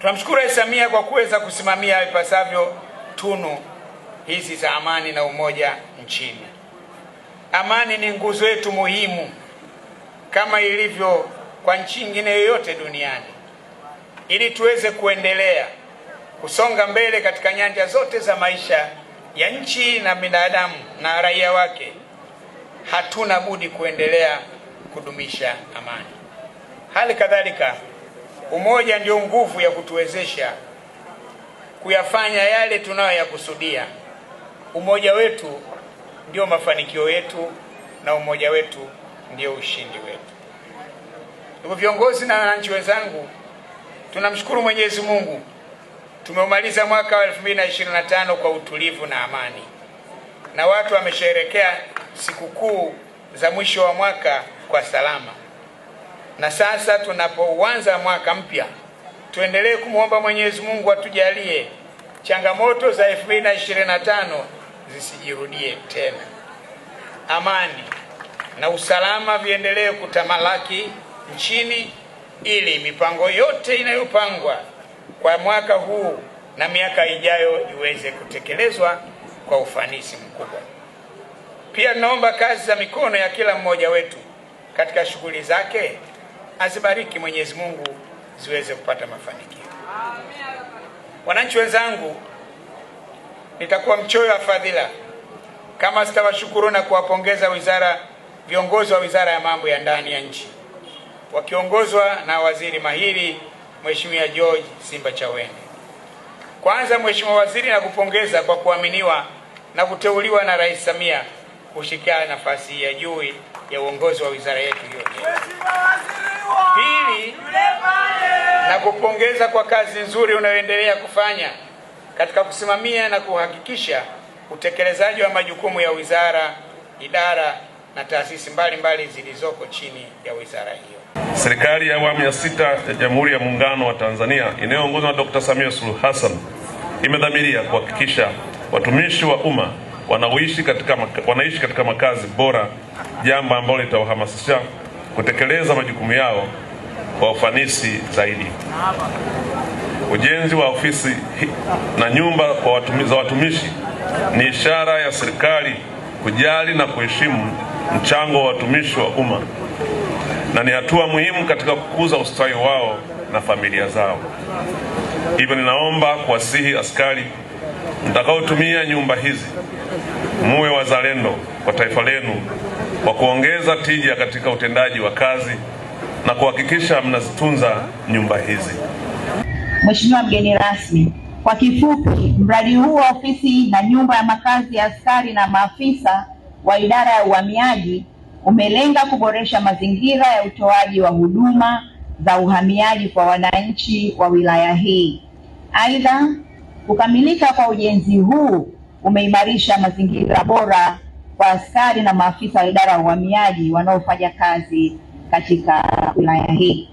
Tunamshukuru Rais Samia kwa kuweza kusimamia ipasavyo tunu hizi za amani na umoja nchini. Amani ni nguzo yetu muhimu kama ilivyo kwa nchi nyingine yoyote duniani. Ili tuweze kuendelea kusonga mbele katika nyanja zote za maisha ya nchi na binadamu na raia wake, hatuna budi kuendelea kudumisha amani. Hali kadhalika Umoja ndio nguvu ya kutuwezesha kuyafanya yale tunayoyakusudia. Umoja wetu ndio mafanikio yetu na umoja wetu ndio ushindi wetu. Ndugu viongozi na wananchi wenzangu, tunamshukuru Mwenyezi Mungu tumeumaliza mwaka wa 2025 kwa utulivu na amani, na watu wamesherehekea sikukuu za mwisho wa mwaka kwa salama. Na sasa tunapoanza mwaka mpya, tuendelee kumwomba Mwenyezi Mungu atujalie changamoto za 2025 zisijirudie tena, amani na usalama viendelee kutamalaki nchini, ili mipango yote inayopangwa kwa mwaka huu na miaka ijayo iweze kutekelezwa kwa ufanisi mkubwa. Pia naomba kazi za mikono ya kila mmoja wetu katika shughuli zake azibariki Mwenyezi Mungu ziweze kupata mafanikio. Wananchi wenzangu, nitakuwa mchoyo wa fadhila kama sitawashukuru na kuwapongeza wizara, viongozi wa wizara ya mambo ya ndani ya nchi wakiongozwa na waziri mahiri Mheshimiwa George Simba Chawene. Kwanza Mheshimiwa Waziri, nakupongeza kwa kuaminiwa na kuteuliwa na Rais Samia kushika nafasi ya juu ya uongozi wa wizara yetu hiyo. Pili, na kupongeza kwa kazi nzuri unayoendelea kufanya katika kusimamia na kuhakikisha utekelezaji wa majukumu ya wizara, idara na taasisi mbalimbali zilizoko chini ya wizara hiyo. Serikali ya awamu ya sita ya Jamhuri ya Muungano wa Tanzania inayoongozwa na Dr. Samia Suluhu Hassan imedhamiria kuhakikisha watumishi wa umma wanaishi katika makazi bora, jambo ambalo litawahamasisha kutekeleza majukumu yao kwa ufanisi zaidi. Ujenzi wa ofisi na nyumba kwa watumishi, za watumishi ni ishara ya serikali kujali na kuheshimu mchango wa watumishi wa umma na ni hatua muhimu katika kukuza ustawi wao na familia zao. Hivyo ninaomba kuwasihi askari mtakaotumia nyumba hizi muwe wazalendo kwa taifa lenu kwa kuongeza tija katika utendaji wa kazi na kuhakikisha mnazitunza nyumba hizi. Mheshimiwa mgeni rasmi, kwa kifupi, mradi huu wa ofisi na nyumba ya makazi ya askari na maafisa wa idara ya uhamiaji umelenga kuboresha mazingira ya utoaji wa huduma za uhamiaji kwa wananchi wa wilaya hii. Aidha, kukamilika kwa ujenzi huu umeimarisha mazingira bora kwa askari na maafisa wa idara ya uhamiaji wanaofanya kazi katika wilaya hii.